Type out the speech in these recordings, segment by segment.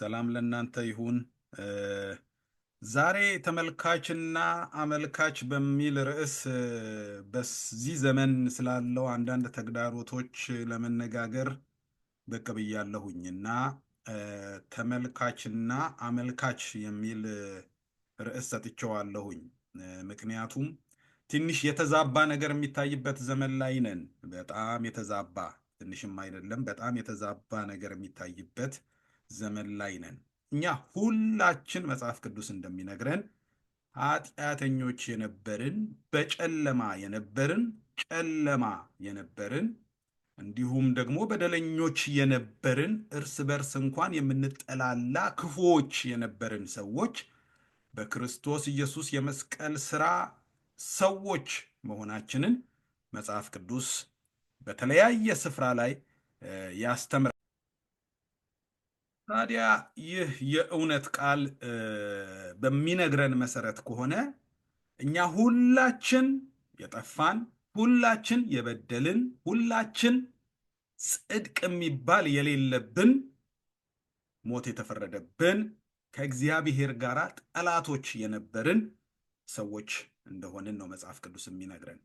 ሰላም ለእናንተ ይሁን። ዛሬ ተመልካችና አመልካች በሚል ርዕስ በዚህ ዘመን ስላለው አንዳንድ ተግዳሮቶች ለመነጋገር ብቅ ብያለሁኝ እና ተመልካችና አመልካች የሚል ርዕስ ሰጥቼዋለሁኝ። ምክንያቱም ትንሽ የተዛባ ነገር የሚታይበት ዘመን ላይ ነን። በጣም የተዛባ ትንሽም አይደለም፣ በጣም የተዛባ ነገር የሚታይበት ዘመን ላይ ነን። እኛ ሁላችን መጽሐፍ ቅዱስ እንደሚነግረን ኃጢአተኞች የነበርን በጨለማ የነበርን ጨለማ የነበርን እንዲሁም ደግሞ በደለኞች የነበርን እርስ በርስ እንኳን የምንጠላላ ክፉዎች የነበርን ሰዎች በክርስቶስ ኢየሱስ የመስቀል ሥራ ሰዎች መሆናችንን መጽሐፍ ቅዱስ በተለያየ ስፍራ ላይ ያስተምራል። ታዲያ ይህ የእውነት ቃል በሚነግረን መሰረት ከሆነ እኛ ሁላችን የጠፋን፣ ሁላችን የበደልን፣ ሁላችን ጽድቅ የሚባል የሌለብን፣ ሞት የተፈረደብን፣ ከእግዚአብሔር ጋር ጠላቶች የነበርን ሰዎች እንደሆንን ነው መጽሐፍ ቅዱስ የሚነግረን።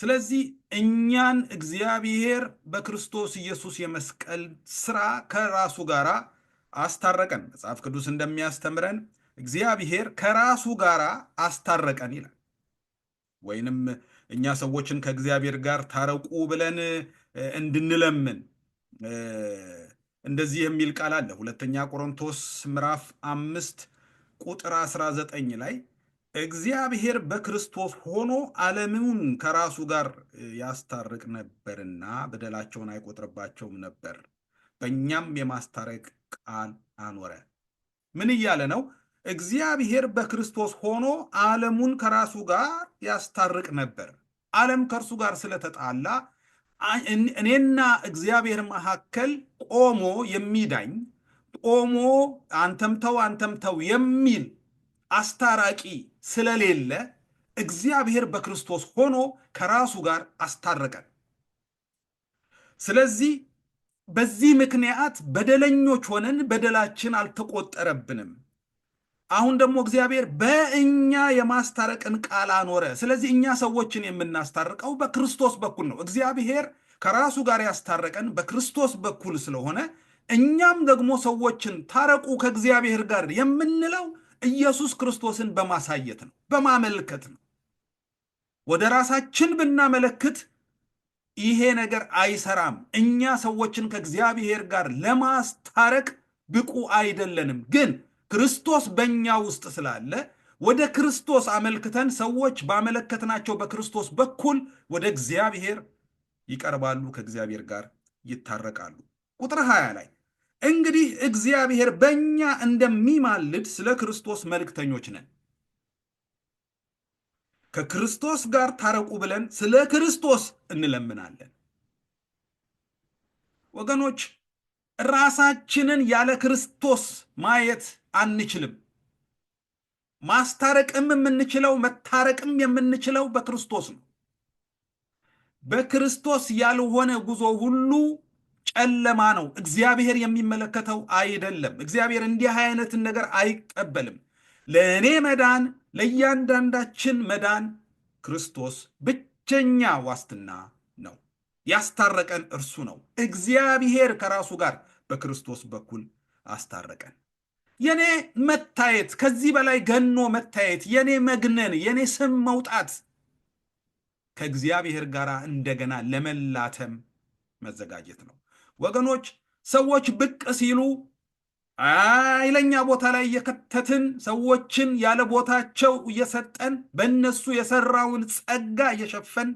ስለዚህ እኛን እግዚአብሔር በክርስቶስ ኢየሱስ የመስቀል ስራ ከራሱ ጋራ አስታረቀን። መጽሐፍ ቅዱስ እንደሚያስተምረን እግዚአብሔር ከራሱ ጋር አስታረቀን ይላል። ወይንም እኛ ሰዎችን ከእግዚአብሔር ጋር ታረቁ ብለን እንድንለምን እንደዚህ የሚል ቃል አለ። ሁለተኛ ቆሮንቶስ ምዕራፍ አምስት ቁጥር 19 ላይ እግዚአብሔር በክርስቶስ ሆኖ ዓለምን ከራሱ ጋር ያስታርቅ ነበርና በደላቸውን አይቆጥርባቸውም ነበር፣ በእኛም የማስታረቅ ቃል አኖረ። ምን እያለ ነው? እግዚአብሔር በክርስቶስ ሆኖ ዓለሙን ከራሱ ጋር ያስታርቅ ነበር። ዓለም ከእርሱ ጋር ስለተጣላ እኔና እግዚአብሔር መካከል ቆሞ የሚዳኝ ቆሞ አንተም ተው አንተም ተው የሚል አስታራቂ ስለሌለ እግዚአብሔር በክርስቶስ ሆኖ ከራሱ ጋር አስታረቀን። ስለዚህ በዚህ ምክንያት በደለኞች ሆነን በደላችን አልተቆጠረብንም። አሁን ደግሞ እግዚአብሔር በእኛ የማስታረቅን ቃል አኖረ። ስለዚህ እኛ ሰዎችን የምናስታርቀው በክርስቶስ በኩል ነው። እግዚአብሔር ከራሱ ጋር ያስታረቀን በክርስቶስ በኩል ስለሆነ እኛም ደግሞ ሰዎችን ታረቁ ከእግዚአብሔር ጋር የምንለው ኢየሱስ ክርስቶስን በማሳየት ነው፣ በማመልከት ነው። ወደ ራሳችን ብናመለክት ይሄ ነገር አይሰራም። እኛ ሰዎችን ከእግዚአብሔር ጋር ለማስታረቅ ብቁ አይደለንም። ግን ክርስቶስ በእኛ ውስጥ ስላለ ወደ ክርስቶስ አመልክተን ሰዎች ባመለከትናቸው በክርስቶስ በኩል ወደ እግዚአብሔር ይቀርባሉ፣ ከእግዚአብሔር ጋር ይታረቃሉ። ቁጥር 20 ላይ እንግዲህ እግዚአብሔር በእኛ እንደሚማልድ ስለ ክርስቶስ መልክተኞች ነን ከክርስቶስ ጋር ታረቁ ብለን ስለ ክርስቶስ እንለምናለን። ወገኖች ራሳችንን ያለ ክርስቶስ ማየት አንችልም። ማስታረቅም የምንችለው መታረቅም የምንችለው በክርስቶስ ነው። በክርስቶስ ያልሆነ ጉዞ ሁሉ ጨለማ ነው። እግዚአብሔር የሚመለከተው አይደለም። እግዚአብሔር እንዲህ አይነትን ነገር አይቀበልም። ለእኔ መዳን ለእያንዳንዳችን መዳን ክርስቶስ ብቸኛ ዋስትና ነው። ያስታረቀን እርሱ ነው። እግዚአብሔር ከራሱ ጋር በክርስቶስ በኩል አስታረቀን። የኔ መታየት ከዚህ በላይ ገኖ መታየት፣ የኔ መግነን፣ የኔ ስም መውጣት ከእግዚአብሔር ጋር እንደገና ለመላተም መዘጋጀት ነው። ወገኖች ሰዎች ብቅ ሲሉ ኃይለኛ ቦታ ላይ እየከተትን ሰዎችን ያለ ቦታቸው እየሰጠን በእነሱ የሰራውን ጸጋ እየሸፈን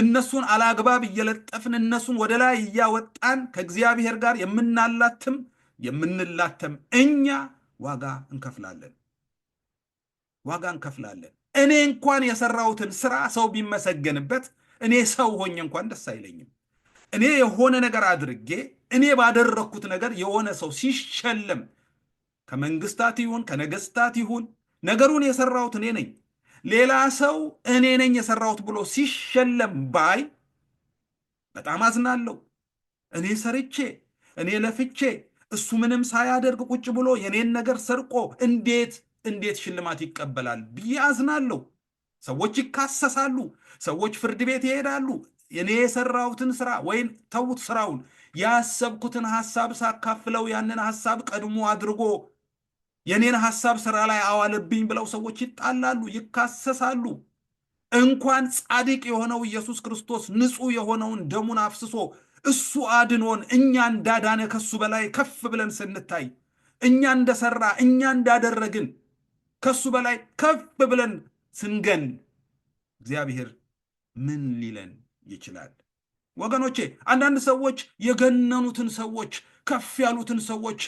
እነሱን አላግባብ እየለጠፍን እነሱን ወደ ላይ እያወጣን ከእግዚአብሔር ጋር የምናላትም የምንላተም እኛ ዋጋ እንከፍላለን። ዋጋ እንከፍላለን። እኔ እንኳን የሰራሁትን ስራ ሰው ቢመሰገንበት እኔ ሰው ሆኜ እንኳን ደስ አይለኝም። እኔ የሆነ ነገር አድርጌ እኔ ባደረግኩት ነገር የሆነ ሰው ሲሸለም ከመንግስታት ይሁን ከነገስታት ይሁን ነገሩን የሰራሁት እኔ ነኝ፣ ሌላ ሰው እኔ ነኝ የሰራሁት ብሎ ሲሸለም ባይ በጣም አዝናለሁ። እኔ ሰርቼ እኔ ለፍቼ እሱ ምንም ሳያደርግ ቁጭ ብሎ የኔን ነገር ሰርቆ እንዴት እንዴት ሽልማት ይቀበላል ብዬ አዝናለሁ። ሰዎች ይካሰሳሉ፣ ሰዎች ፍርድ ቤት ይሄዳሉ። እኔ የሰራሁትን ስራ ወይም ተዉት ስራውን ያሰብኩትን ሐሳብ ሳካፍለው ያንን ሐሳብ ቀድሞ አድርጎ የኔን ሐሳብ ስራ ላይ አዋለብኝ ብለው ሰዎች ይጣላሉ፣ ይካሰሳሉ። እንኳን ጻድቅ የሆነው ኢየሱስ ክርስቶስ ንጹሕ የሆነውን ደሙን አፍስሶ እሱ አድኖን እኛ እንዳዳነ ከሱ በላይ ከፍ ብለን ስንታይ እኛ እንደሰራ እኛ እንዳደረግን ከሱ በላይ ከፍ ብለን ስንገን እግዚአብሔር ምን ሊለን ይችላል? ወገኖቼ አንዳንድ ሰዎች የገነኑትን ሰዎች ከፍ ያሉትን ሰዎች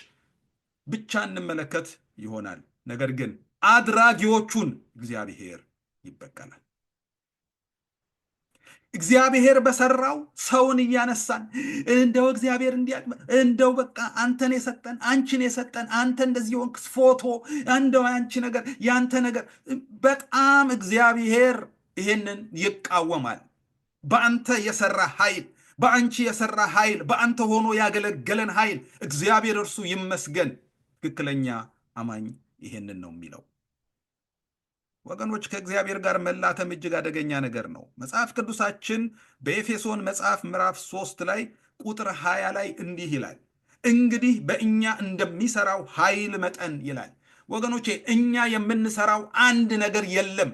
ብቻ እንመለከት ይሆናል። ነገር ግን አድራጊዎቹን እግዚአብሔር ይበቀላል። እግዚአብሔር በሰራው ሰውን እያነሳን እንደው እግዚአብሔር እንዲያቅ እንደው በቃ አንተን የሰጠን አንቺን የሰጠን አንተ እንደዚህ የሆንክ ፎቶ እንደው አንቺ ነገር ያንተ ነገር በጣም እግዚአብሔር ይሄንን ይቃወማል። በአንተ የሰራ ኃይል በአንቺ የሰራ ኃይል በአንተ ሆኖ ያገለገለን ኃይል እግዚአብሔር እርሱ ይመስገን። ትክክለኛ አማኝ ይሄንን ነው የሚለው። ወገኖች ከእግዚአብሔር ጋር መላተም እጅግ አደገኛ ነገር ነው። መጽሐፍ ቅዱሳችን በኤፌሶን መጽሐፍ ምዕራፍ ሶስት ላይ ቁጥር ሀያ ላይ እንዲህ ይላል፣ እንግዲህ በእኛ እንደሚሰራው ኃይል መጠን ይላል። ወገኖቼ እኛ የምንሰራው አንድ ነገር የለም።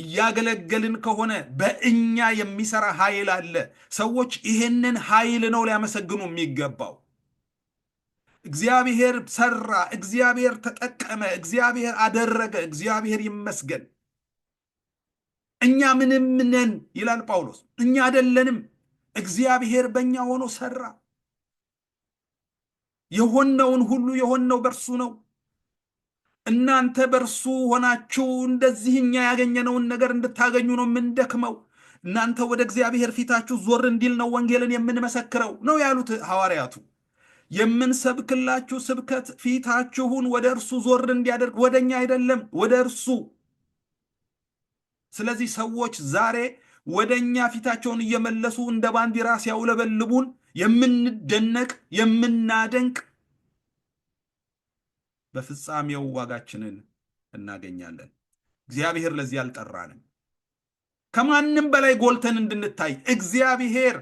እያገለገልን ከሆነ በእኛ የሚሰራ ኃይል አለ። ሰዎች ይሄንን ኃይል ነው ሊያመሰግኑ የሚገባው። እግዚአብሔር ሰራ፣ እግዚአብሔር ተጠቀመ፣ እግዚአብሔር አደረገ፣ እግዚአብሔር ይመስገን። እኛ ምንም ነን ይላል ጳውሎስ፣ እኛ አይደለንም። እግዚአብሔር በእኛ ሆኖ ሰራ። የሆነውን ሁሉ የሆነው በእርሱ ነው። እናንተ በእርሱ ሆናችሁ እንደዚህ እኛ ያገኘነውን ነገር እንድታገኙ ነው የምንደክመው። እናንተ ወደ እግዚአብሔር ፊታችሁ ዞር እንዲል ነው ወንጌልን የምንመሰክረው ነው ያሉት ሐዋርያቱ። የምንሰብክላችሁ ስብከት ፊታችሁን ወደ እርሱ ዞር እንዲያደርግ ወደ እኛ አይደለም፣ ወደ እርሱ። ስለዚህ ሰዎች ዛሬ ወደ እኛ ፊታቸውን እየመለሱ እንደ ባንዲራ ሲያውለበልቡን የምንደነቅ የምናደንቅ በፍጻሜው ዋጋችንን እናገኛለን። እግዚአብሔር ለዚህ አልጠራንም። ከማንም በላይ ጎልተን እንድንታይ እግዚአብሔር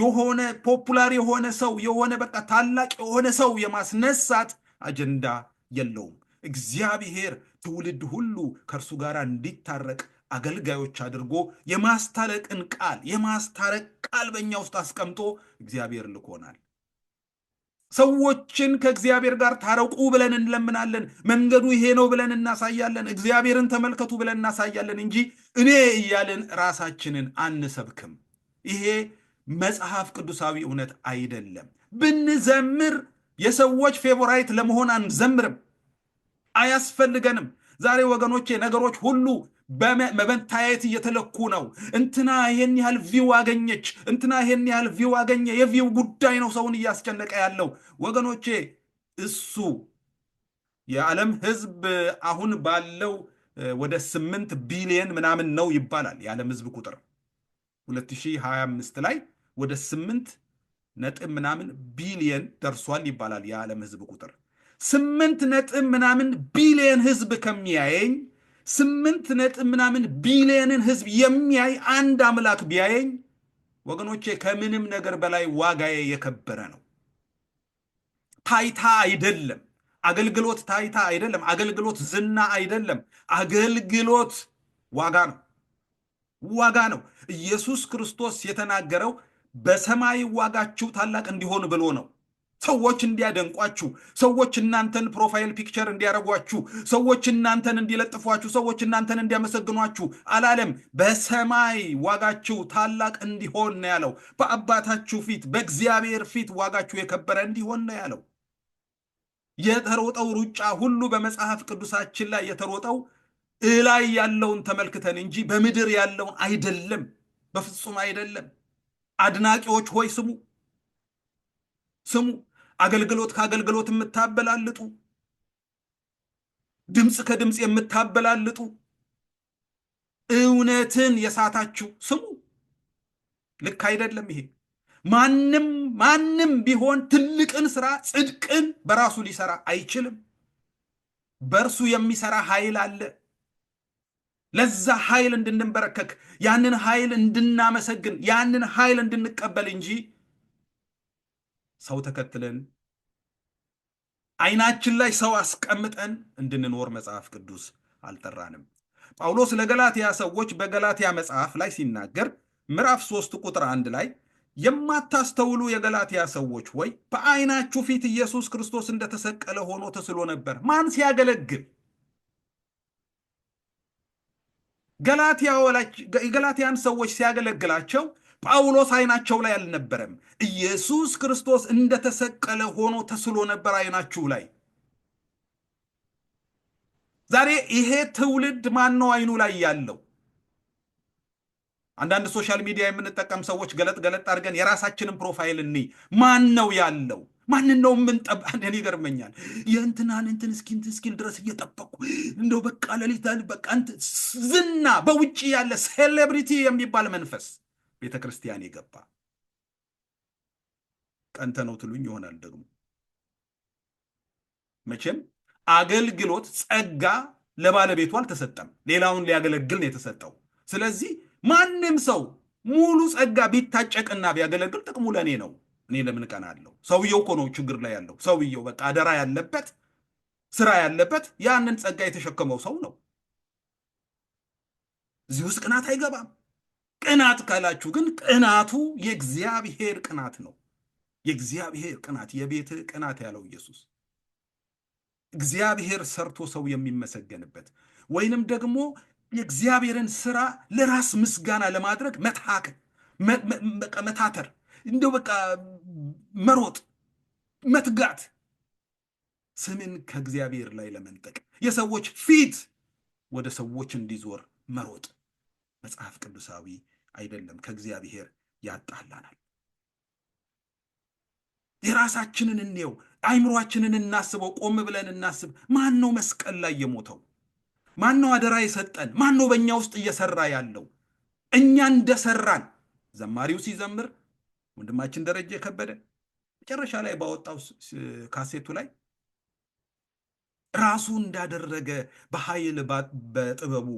የሆነ ፖፑላር የሆነ ሰው የሆነ በቃ ታላቅ የሆነ ሰው የማስነሳት አጀንዳ የለውም። እግዚአብሔር ትውልድ ሁሉ ከእርሱ ጋር እንዲታረቅ አገልጋዮች አድርጎ የማስታረቅን ቃል የማስታረቅ ቃል በእኛ ውስጥ አስቀምጦ እግዚአብሔር ልኮናል። ሰዎችን ከእግዚአብሔር ጋር ታረቁ ብለን እንለምናለን። መንገዱ ይሄ ነው ብለን እናሳያለን። እግዚአብሔርን ተመልከቱ ብለን እናሳያለን እንጂ እኔ እያልን ራሳችንን አንሰብክም። ይሄ መጽሐፍ ቅዱሳዊ እውነት አይደለም። ብንዘምር የሰዎች ፌቮራይት ለመሆን አንዘምርም፣ አያስፈልገንም። ዛሬ ወገኖቼ ነገሮች ሁሉ በመበንታየት እየተለኩ ነው። እንትና ይሄን ያህል ቪው አገኘች፣ እንትና ይሄን ያህል ቪው አገኘ። የቪው ጉዳይ ነው ሰውን እያስጨነቀ ያለው ወገኖቼ። እሱ የዓለም ሕዝብ አሁን ባለው ወደ ስምንት ቢሊየን ምናምን ነው ይባላል የዓለም ሕዝብ ቁጥር 2025 ላይ ወደ ስምንት ነጥብ ምናምን ቢሊየን ደርሷል ይባላል የዓለም ሕዝብ ቁጥር ስምንት ነጥብ ምናምን ቢሊየን ህዝብ ከሚያየኝ ስምንት ነጥብ ምናምን ቢሊየንን ህዝብ የሚያይ አንድ አምላክ ቢያየኝ ወገኖቼ ከምንም ነገር በላይ ዋጋዬ የከበረ ነው። ታይታ አይደለም አገልግሎት፣ ታይታ አይደለም አገልግሎት፣ ዝና አይደለም አገልግሎት፣ ዋጋ ነው፣ ዋጋ ነው። ኢየሱስ ክርስቶስ የተናገረው በሰማይ ዋጋችሁ ታላቅ እንዲሆን ብሎ ነው። ሰዎች እንዲያደንቋችሁ፣ ሰዎች እናንተን ፕሮፋይል ፒክቸር እንዲያደርጓችሁ፣ ሰዎች እናንተን እንዲለጥፏችሁ፣ ሰዎች እናንተን እንዲያመሰግኗችሁ አላለም። በሰማይ ዋጋችሁ ታላቅ እንዲሆን ነው ያለው። በአባታችሁ ፊት በእግዚአብሔር ፊት ዋጋችሁ የከበረ እንዲሆን ነው ያለው። የተሮጠው ሩጫ ሁሉ በመጽሐፍ ቅዱሳችን ላይ የተሮጠው እላይ ያለውን ተመልክተን እንጂ በምድር ያለውን አይደለም፣ በፍጹም አይደለም። አድናቂዎች ሆይ ስሙ ስሙ። አገልግሎት ከአገልግሎት የምታበላልጡ፣ ድምፅ ከድምፅ የምታበላልጡ፣ እውነትን የሳታችሁ ስሙ። ልክ አይደለም ይሄ። ማንም ማንም ቢሆን ትልቅን ስራ ጽድቅን በራሱ ሊሰራ አይችልም። በእርሱ የሚሰራ ኃይል አለ። ለዛ ኃይል እንድንበረከክ ያንን ኃይል እንድናመሰግን ያንን ኃይል እንድንቀበል እንጂ ሰው ተከትለን አይናችን ላይ ሰው አስቀምጠን እንድንኖር መጽሐፍ ቅዱስ አልጠራንም። ጳውሎስ ለገላትያ ሰዎች በገላትያ መጽሐፍ ላይ ሲናገር ምዕራፍ ሶስት ቁጥር አንድ ላይ የማታስተውሉ የገላትያ ሰዎች ወይ በአይናችሁ ፊት ኢየሱስ ክርስቶስ እንደተሰቀለ ሆኖ ተስሎ ነበር። ማን ሲያገለግል? ገላትያን ሰዎች ሲያገለግላቸው ጳውሎስ አይናቸው ላይ አልነበረም። ኢየሱስ ክርስቶስ እንደተሰቀለ ሆኖ ተስሎ ነበር አይናችሁ ላይ። ዛሬ ይሄ ትውልድ ማን ነው አይኑ ላይ ያለው? አንዳንድ ሶሻል ሚዲያ የምንጠቀም ሰዎች ገለጥ ገለጥ አድርገን የራሳችንን ፕሮፋይል እንይ። ማን ነው ያለው? ማንን ነው የምንጠብ? ይገርመኛል። የእንትናን እንትን እስኪ እስኪን ድረስ እየጠበቁ እንደው በቃ ለሊት በቃ ዝና፣ በውጭ ያለ ሴሌብሪቲ የሚባል መንፈስ ቤተ ክርስቲያን የገባ ቀንተ ነው ትሉኝ ይሆናል። ደግሞ መቼም አገልግሎት ጸጋ ለባለቤቱ አልተሰጠም፣ ሌላውን ሊያገለግል ነው የተሰጠው። ስለዚህ ማንም ሰው ሙሉ ጸጋ ቢታጨቅና ቢያገለግል ጥቅሙ ለእኔ ነው። እኔ ለምን ቀና አለው? ሰውየው እኮ ነው ችግር ላይ ያለው። ሰውየው በቃ አደራ ያለበት ስራ ያለበት ያንን ጸጋ የተሸከመው ሰው ነው። እዚህ ውስጥ ቅናት አይገባም። ቅናት ካላችሁ ግን ቅናቱ የእግዚአብሔር ቅናት ነው። የእግዚአብሔር ቅናት የቤት ቅናት ያለው ኢየሱስ እግዚአብሔር ሰርቶ ሰው የሚመሰገንበት ወይንም ደግሞ የእግዚአብሔርን ስራ ለራስ ምስጋና ለማድረግ መታክ መታተር፣ እንደው በቃ መሮጥ፣ መትጋት፣ ስምን ከእግዚአብሔር ላይ ለመንጠቅ የሰዎች ፊት ወደ ሰዎች እንዲዞር መሮጥ መጽሐፍ ቅዱሳዊ አይደለም፣ ከእግዚአብሔር ያጣላናል። የራሳችንን እንየው፣ አይምሯችንን እናስበው፣ ቆም ብለን እናስብ። ማን ነው መስቀል ላይ የሞተው? ማን ነው አደራ የሰጠን? ማን ነው በእኛ ውስጥ እየሰራ ያለው? እኛ እንደሰራን ዘማሪው ሲዘምር ወንድማችን ደረጀ የከበደ መጨረሻ ላይ ባወጣው ካሴቱ ላይ ራሱ እንዳደረገ በኃይል በጥበቡ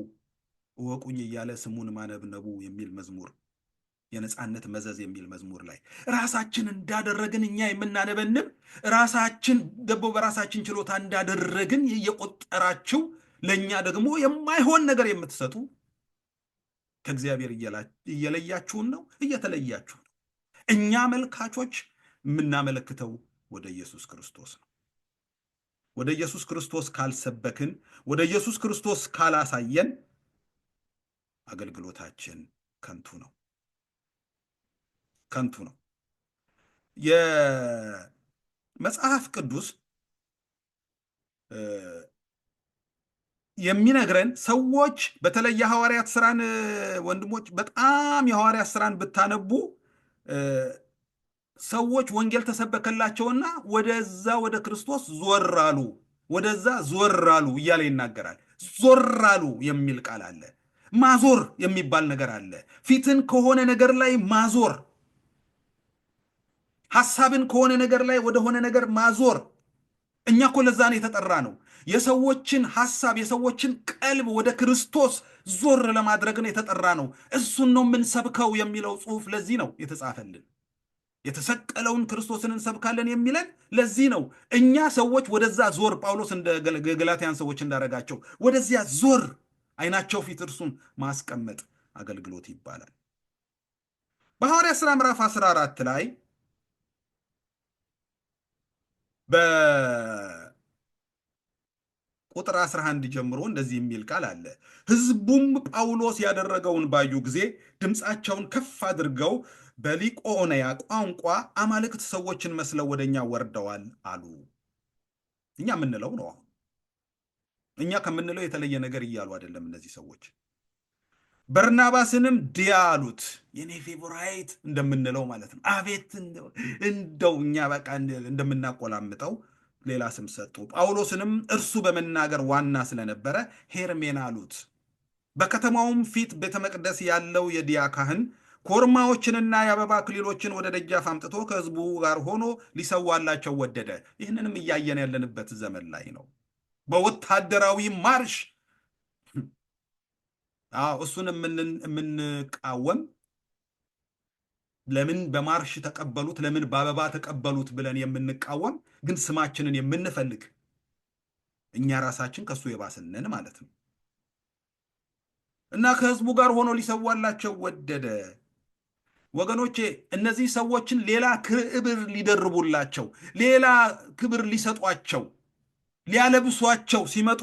እወቁኝ እያለ ስሙን ማነብነቡ የሚል መዝሙር የነፃነት መዘዝ የሚል መዝሙር ላይ ራሳችን እንዳደረግን እኛ የምናነበንብ ራሳችን ደቦ በራሳችን ችሎታ እንዳደረግን እየቆጠራችሁ ለእኛ ደግሞ የማይሆን ነገር የምትሰጡ ከእግዚአብሔር እየለያችሁን ነው፣ እየተለያችሁ ነው። እኛ መልካቾች የምናመለክተው ወደ ኢየሱስ ክርስቶስ ነው። ወደ ኢየሱስ ክርስቶስ ካልሰበክን፣ ወደ ኢየሱስ ክርስቶስ ካላሳየን አገልግሎታችን ከንቱ ነው ከንቱ ነው። የመጽሐፍ ቅዱስ የሚነግረን ሰዎች በተለይ የሐዋርያት ስራን ወንድሞች በጣም የሐዋርያት ስራን ብታነቡ ሰዎች ወንጌል ተሰበከላቸውና ወደዛ ወደ ክርስቶስ ዞር አሉ፣ ወደዛ ዞር አሉ እያለ ይናገራል። ዞር አሉ የሚል ቃል አለ። ማዞር የሚባል ነገር አለ። ፊትን ከሆነ ነገር ላይ ማዞር፣ ሀሳብን ከሆነ ነገር ላይ ወደሆነ ነገር ማዞር። እኛ እኮ ለዛ ነው የተጠራ ነው። የሰዎችን ሀሳብ የሰዎችን ቀልብ ወደ ክርስቶስ ዞር ለማድረግ ነው የተጠራ ነው። እሱን ነው የምንሰብከው የሚለው ጽሑፍ ለዚህ ነው የተጻፈልን። የተሰቀለውን ክርስቶስን እንሰብካለን የሚለን ለዚህ ነው። እኛ ሰዎች ወደዛ ዞር፣ ጳውሎስ እንደ ገላትያን ሰዎች እንዳረጋቸው ወደዚያ ዞር አይናቸው ፊት እርሱን ማስቀመጥ አገልግሎት ይባላል። በሐዋርያት ሥራ ምዕራፍ 14 ላይ በቁጥር 11 ጀምሮ እንደዚህ የሚል ቃል አለ። ሕዝቡም ጳውሎስ ያደረገውን ባዩ ጊዜ ድምፃቸውን ከፍ አድርገው በሊቆኦንያ ቋንቋ አማልክት ሰዎችን መስለው ወደኛ ወርደዋል አሉ። እኛ የምንለው ነው አሁን እኛ ከምንለው የተለየ ነገር እያሉ አይደለም እነዚህ ሰዎች። በርናባስንም ድያ አሉት፣ የኔ ፌቮራይት እንደምንለው ማለት ነው። አቤት እንደው እኛ በቃ እንደምናቆላምጠው ሌላ ስም ሰጡ። ጳውሎስንም እርሱ በመናገር ዋና ስለነበረ ሄርሜን አሉት። በከተማውም ፊት ቤተ መቅደስ ያለው የድያ ካህን ኮርማዎችንና የአበባ ክሊሎችን ወደ ደጃፍ አምጥቶ ከህዝቡ ጋር ሆኖ ሊሰዋላቸው ወደደ። ይህንንም እያየን ያለንበት ዘመን ላይ ነው። በወታደራዊ ማርሽ እሱን የምንቃወም ለምን በማርሽ ተቀበሉት፣ ለምን በአበባ ተቀበሉት ብለን የምንቃወም ግን ስማችንን የምንፈልግ እኛ ራሳችን ከሱ የባስንን ማለት ነው። እና ከህዝቡ ጋር ሆኖ ሊሰዋላቸው ወደደ። ወገኖቼ እነዚህ ሰዎችን ሌላ ክብር ሊደርቡላቸው፣ ሌላ ክብር ሊሰጧቸው ሊያለብሷቸው ሲመጡ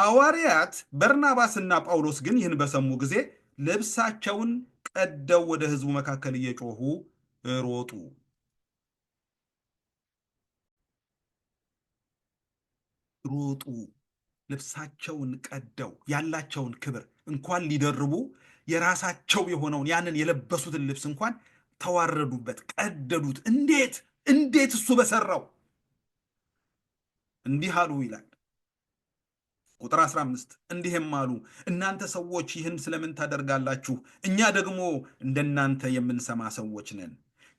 ሐዋርያት በርናባስና ጳውሎስ ግን ይህን በሰሙ ጊዜ ልብሳቸውን ቀደው ወደ ሕዝቡ መካከል እየጮሁ ሮጡ። ሮጡ ልብሳቸውን ቀደው ያላቸውን ክብር እንኳን ሊደርቡ የራሳቸው የሆነውን ያንን የለበሱትን ልብስ እንኳን ተዋረዱበት፣ ቀደዱት። እንዴት እንዴት እሱ በሰራው እንዲህ አሉ ይላል ቁጥር 15 እንዲህም አሉ እናንተ ሰዎች ይህን ስለምን ታደርጋላችሁ? እኛ ደግሞ እንደናንተ የምንሰማ ሰዎች ነን።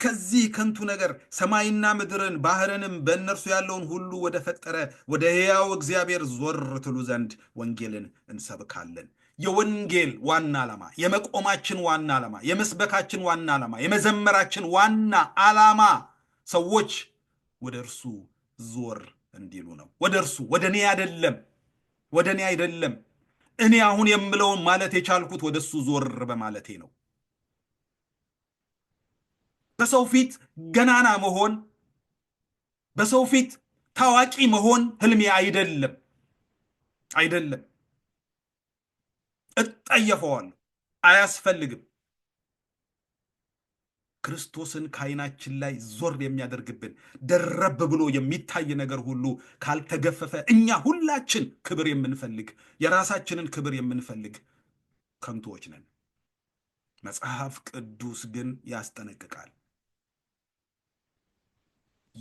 ከዚህ ከንቱ ነገር ሰማይና ምድርን ባህርንም በእነርሱ ያለውን ሁሉ ወደ ፈጠረ ወደ ሕያው እግዚአብሔር ዞር ትሉ ዘንድ ወንጌልን እንሰብካለን። የወንጌል ዋና ዓላማ፣ የመቆማችን ዋና ዓላማ፣ የመስበካችን ዋና ዓላማ፣ የመዘመራችን ዋና ዓላማ ሰዎች ወደ እርሱ ዞር እንዲሉ ነው። ወደ እርሱ ወደ እኔ አይደለም፣ ወደ እኔ አይደለም። እኔ አሁን የምለውን ማለት የቻልኩት ወደ እሱ ዞር በማለቴ ነው። በሰው ፊት ገናና መሆን፣ በሰው ፊት ታዋቂ መሆን ህልሜ አይደለም አይደለም። እጠየፈዋለሁ። አያስፈልግም። ክርስቶስን ከዓይናችን ላይ ዞር የሚያደርግብን ደረብ ብሎ የሚታይ ነገር ሁሉ ካልተገፈፈ እኛ ሁላችን ክብር የምንፈልግ የራሳችንን ክብር የምንፈልግ ከንቶዎች ነን። መጽሐፍ ቅዱስ ግን ያስጠነቅቃል።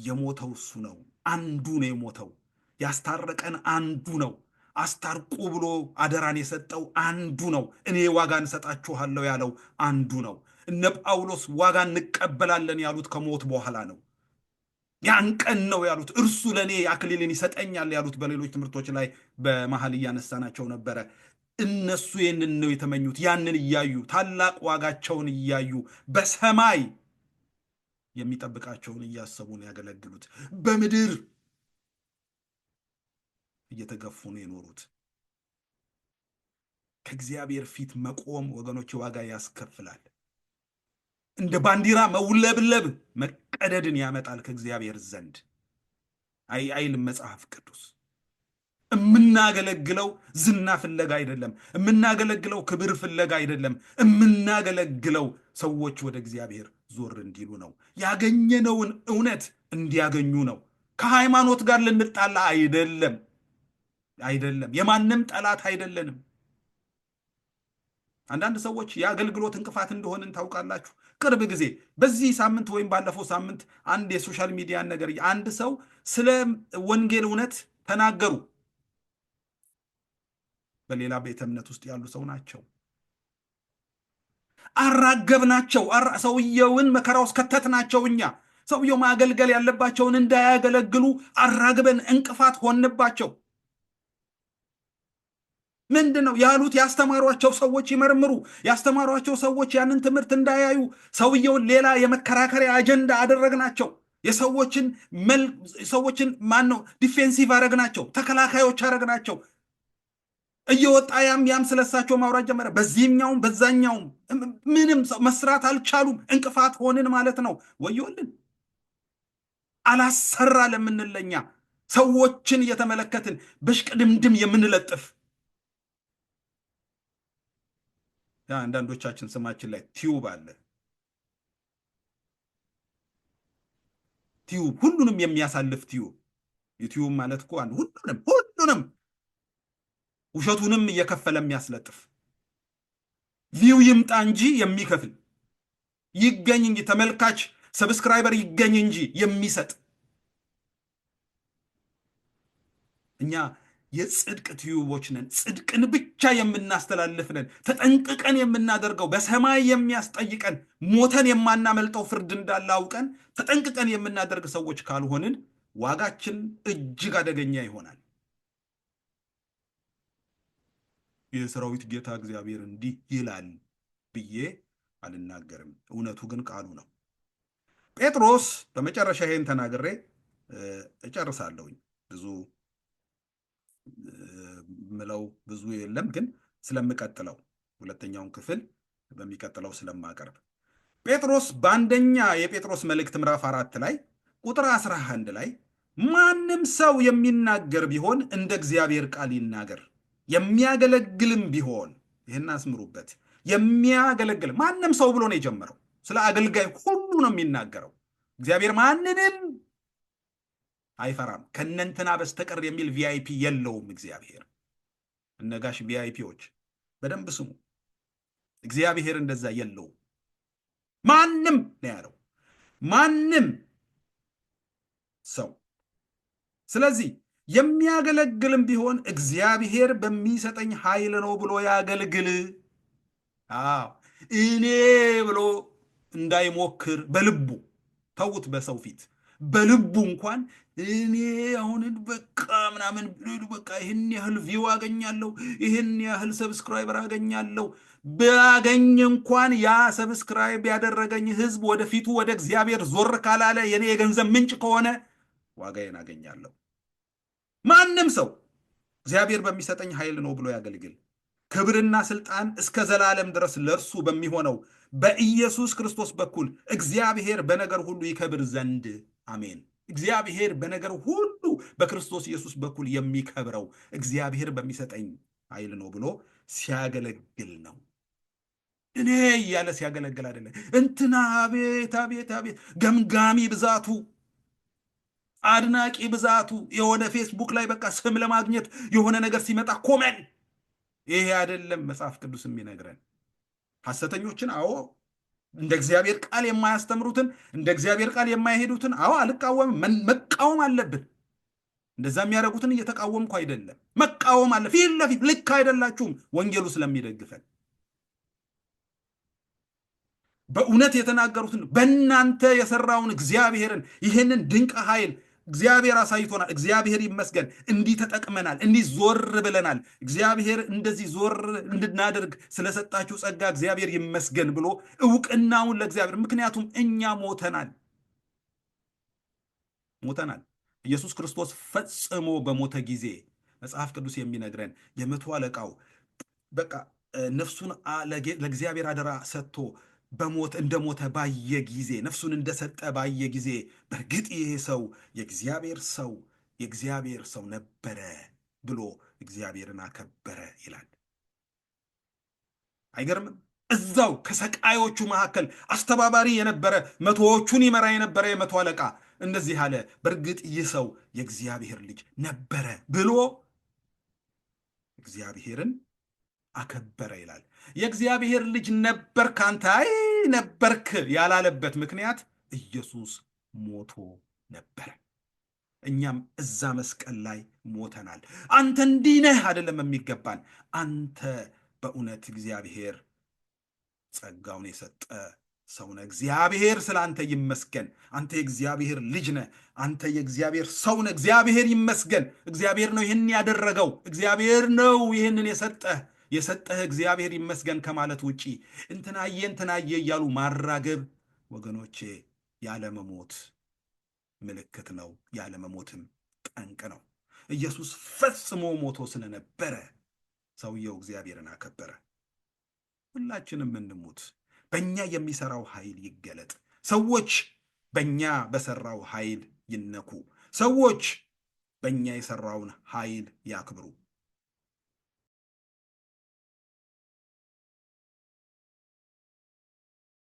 የሞተው እሱ ነው። አንዱ ነው የሞተው። ያስታረቀን አንዱ ነው። አስታርቁ ብሎ አደራን የሰጠው አንዱ ነው። እኔ ዋጋ እንሰጣችኋለሁ ያለው አንዱ ነው። እነ ጳውሎስ ዋጋ እንቀበላለን ያሉት ከሞት በኋላ ነው። ያን ቀን ነው ያሉት። እርሱ ለእኔ አክሊልን ይሰጠኛል ያሉት በሌሎች ትምህርቶች ላይ በመሀል እያነሳናቸው ነበረ። እነሱ ይህንን ነው የተመኙት። ያንን እያዩ ታላቅ ዋጋቸውን እያዩ በሰማይ የሚጠብቃቸውን እያሰቡ ነው ያገለግሉት። በምድር እየተገፉ ነው የኖሩት። ከእግዚአብሔር ፊት መቆም ወገኖች ዋጋ ያስከፍላል። እንደ ባንዲራ መውለብለብ መቀደድን ያመጣል ከእግዚአብሔር ዘንድ አይልም መጽሐፍ ቅዱስ። የምናገለግለው ዝና ፍለጋ አይደለም። የምናገለግለው ክብር ፍለጋ አይደለም። የምናገለግለው ሰዎች ወደ እግዚአብሔር ዞር እንዲሉ ነው። ያገኘነውን እውነት እንዲያገኙ ነው። ከሃይማኖት ጋር ልንጣላ አይደለም፣ አይደለም። የማንም ጠላት አይደለንም። አንዳንድ ሰዎች የአገልግሎት እንቅፋት እንደሆንን ታውቃላችሁ። ቅርብ ጊዜ በዚህ ሳምንት ወይም ባለፈው ሳምንት አንድ የሶሻል ሚዲያ ነገር አንድ ሰው ስለ ወንጌል እውነት ተናገሩ። በሌላ ቤተ እምነት ውስጥ ያሉ ሰው ናቸው። አራገብ ናቸው ሰውየውን መከራ ውስጥ ናቸው እኛ ሰውየው ማገልገል ያለባቸውን እንዳያገለግሉ አራግበን እንቅፋት ሆንባቸው። ምንድን ነው ያሉት? ያስተማሯቸው ሰዎች ይመርምሩ። ያስተማሯቸው ሰዎች ያንን ትምህርት እንዳያዩ ሰውየውን ሌላ የመከራከሪያ አጀንዳ አደረግናቸው። የሰዎችን ሰዎችን ማን ነው ዲፌንሲቭ አረግናቸው፣ ተከላካዮች አረግናቸው። እየወጣ ያም ያም ስለሳቸው ማውራት ጀመረ። በዚህኛውም በዛኛውም ምንም መስራት አልቻሉም። እንቅፋት ሆንን ማለት ነው። ወዮልን። አላሰራ ለምንለኛ ሰዎችን እየተመለከትን በሽቅድምድም የምንለጥፍ አንዳንዶቻችን ስማችን ላይ ቲዩብ አለ። ቲዩብ ሁሉንም የሚያሳልፍ ቲዩብ። ዩቲዩብ ማለት እኮ ሁሉንም ሁሉንም ውሸቱንም እየከፈለ የሚያስለጥፍ ቪው ይምጣ እንጂ የሚከፍል ይገኝ እንጂ ተመልካች ሰብስክራይበር ይገኝ እንጂ የሚሰጥ እኛ የጽድቅ ትዩቦች ነን። ጽድቅን ብቻ የምናስተላልፍ ነን። ተጠንቅቀን የምናደርገው በሰማይ የሚያስጠይቀን ሞተን የማናመልጠው ፍርድ እንዳለ አውቀን ተጠንቅቀን የምናደርግ ሰዎች ካልሆንን ዋጋችን እጅግ አደገኛ ይሆናል። የሰራዊት ጌታ እግዚአብሔር እንዲህ ይላል ብዬ አልናገርም። እውነቱ ግን ቃሉ ነው። ጴጥሮስ በመጨረሻ ይሄን ተናግሬ እጨርሳለሁኝ ብዙ ምለው ብዙ የለም፣ ግን ስለምቀጥለው ሁለተኛውን ክፍል በሚቀጥለው ስለማቀርብ ጴጥሮስ በአንደኛ የጴጥሮስ መልእክት ምዕራፍ አራት ላይ ቁጥር አንድ ላይ ማንም ሰው የሚናገር ቢሆን እንደ እግዚአብሔር ቃል ይናገር፣ የሚያገለግልም ቢሆን ይህን አስምሩበት። የሚያገለግል ማንም ሰው ብሎ ነው የጀመረው። ስለ አገልጋይ ሁሉ ነው የሚናገረው። እግዚአብሔር ማንንም አይፈራም ከነንትና በስተቀር የሚል ቪአይፒ የለውም እግዚአብሔር። እነጋሽ ቪአይፒዎች በደንብ ስሙ። እግዚአብሔር እንደዛ የለውም። ማንም ነው ያለው ማንም ሰው። ስለዚህ የሚያገለግልም ቢሆን እግዚአብሔር በሚሰጠኝ ኃይል ነው ብሎ ያገልግል። አዎ እኔ ብሎ እንዳይሞክር በልቡ ተውት። በሰው ፊት በልቡ እንኳን እኔ አሁን በቃ ምናምን ብሎ በቃ ይህን ያህል ቪው አገኛለሁ፣ ይህን ያህል ሰብስክራይበር አገኛለሁ። ባገኝ እንኳን ያ ሰብስክራይብ ያደረገኝ ህዝብ ወደፊቱ ወደ እግዚአብሔር ዞር ካላለ የኔ የገንዘብ ምንጭ ከሆነ ዋጋዬን አገኛለሁ። ማንም ሰው እግዚአብሔር በሚሰጠኝ ኃይል ነው ብሎ ያገልግል። ክብርና ስልጣን እስከ ዘላለም ድረስ ለእርሱ በሚሆነው በኢየሱስ ክርስቶስ በኩል እግዚአብሔር በነገር ሁሉ ይከብር ዘንድ አሜን። እግዚአብሔር በነገር ሁሉ በክርስቶስ ኢየሱስ በኩል የሚከብረው እግዚአብሔር በሚሰጠኝ ኃይል ነው ብሎ ሲያገለግል ነው። እኔ እያለ ሲያገለግል አይደለም። እንትና አቤት አቤት አቤት ገምጋሚ ብዛቱ፣ አድናቂ ብዛቱ የሆነ ፌስቡክ ላይ በቃ ስም ለማግኘት የሆነ ነገር ሲመጣ ኮመን። ይሄ አይደለም መጽሐፍ ቅዱስ የሚነግረን ሐሰተኞችን አዎ እንደ እግዚአብሔር ቃል የማያስተምሩትን እንደ እግዚአብሔር ቃል የማይሄዱትን አዎ አልቃወምም። መቃወም አለብን። እንደዛ የሚያደርጉትን እየተቃወምኩ አይደለም፣ መቃወም አለ። ፊት ለፊት ልክ አይደላችሁም፣ ወንጌሉ ስለሚደግፈን በእውነት የተናገሩትን በእናንተ የሰራውን እግዚአብሔርን ይህንን ድንቅ ኃይል እግዚአብሔር አሳይቶናል። እግዚአብሔር ይመስገን። እንዲህ ተጠቅመናል፣ እንዲህ ዞር ብለናል። እግዚአብሔር እንደዚህ ዞር እንድናደርግ ስለሰጣችሁ ጸጋ እግዚአብሔር ይመስገን ብሎ እውቅናውን ለእግዚአብሔር ምክንያቱም እኛ ሞተናል ሞተናል። ኢየሱስ ክርስቶስ ፈጽሞ በሞተ ጊዜ መጽሐፍ ቅዱስ የሚነግረን የመቶ አለቃው በቃ ነፍሱን ለእግዚአብሔር አደራ ሰጥቶ በሞት እንደ ሞተ ባየ ጊዜ ነፍሱን እንደሰጠ ባየ ጊዜ በእርግጥ ይሄ ሰው የእግዚአብሔር ሰው የእግዚአብሔር ሰው ነበረ ብሎ እግዚአብሔርን አከበረ ይላል። አይገርምም? እዛው ከሰቃዮቹ መካከል አስተባባሪ የነበረ መቶዎቹን ይመራ የነበረ የመቶ አለቃ እንደዚህ አለ፣ በእርግጥ ይህ ሰው የእግዚአብሔር ልጅ ነበረ ብሎ እግዚአብሔርን አከበረ ይላል። የእግዚአብሔር ልጅ ነበርክ አንተ አይ ነበርክ ያላለበት ምክንያት ኢየሱስ ሞቶ ነበረ። እኛም እዛ መስቀል ላይ ሞተናል። አንተ እንዲህ ነህ አይደለም የሚገባን፣ አንተ በእውነት እግዚአብሔር ጸጋውን የሰጠ ሰው ነህ። እግዚአብሔር ስለ አንተ ይመስገን። አንተ የእግዚአብሔር ልጅ ነህ። አንተ የእግዚአብሔር ሰው ነህ። እግዚአብሔር ይመስገን። እግዚአብሔር ነው ይህን ያደረገው። እግዚአብሔር ነው ይህንን የሰጠህ የሰጠህ እግዚአብሔር ይመስገን ከማለት ውጪ እንትናዬ እንትናዬ እያሉ ማራገብ ወገኖቼ ያለመሞት ምልክት ነው፣ ያለመሞትም ጠንቅ ነው። ኢየሱስ ፈጽሞ ሞቶ ስለነበረ ሰውየው እግዚአብሔርን አከበረ። ሁላችንም እንሙት፣ በእኛ የሚሰራው ኃይል ይገለጥ። ሰዎች በእኛ በሰራው ኃይል ይነኩ። ሰዎች በእኛ የሰራውን ኃይል ያክብሩ።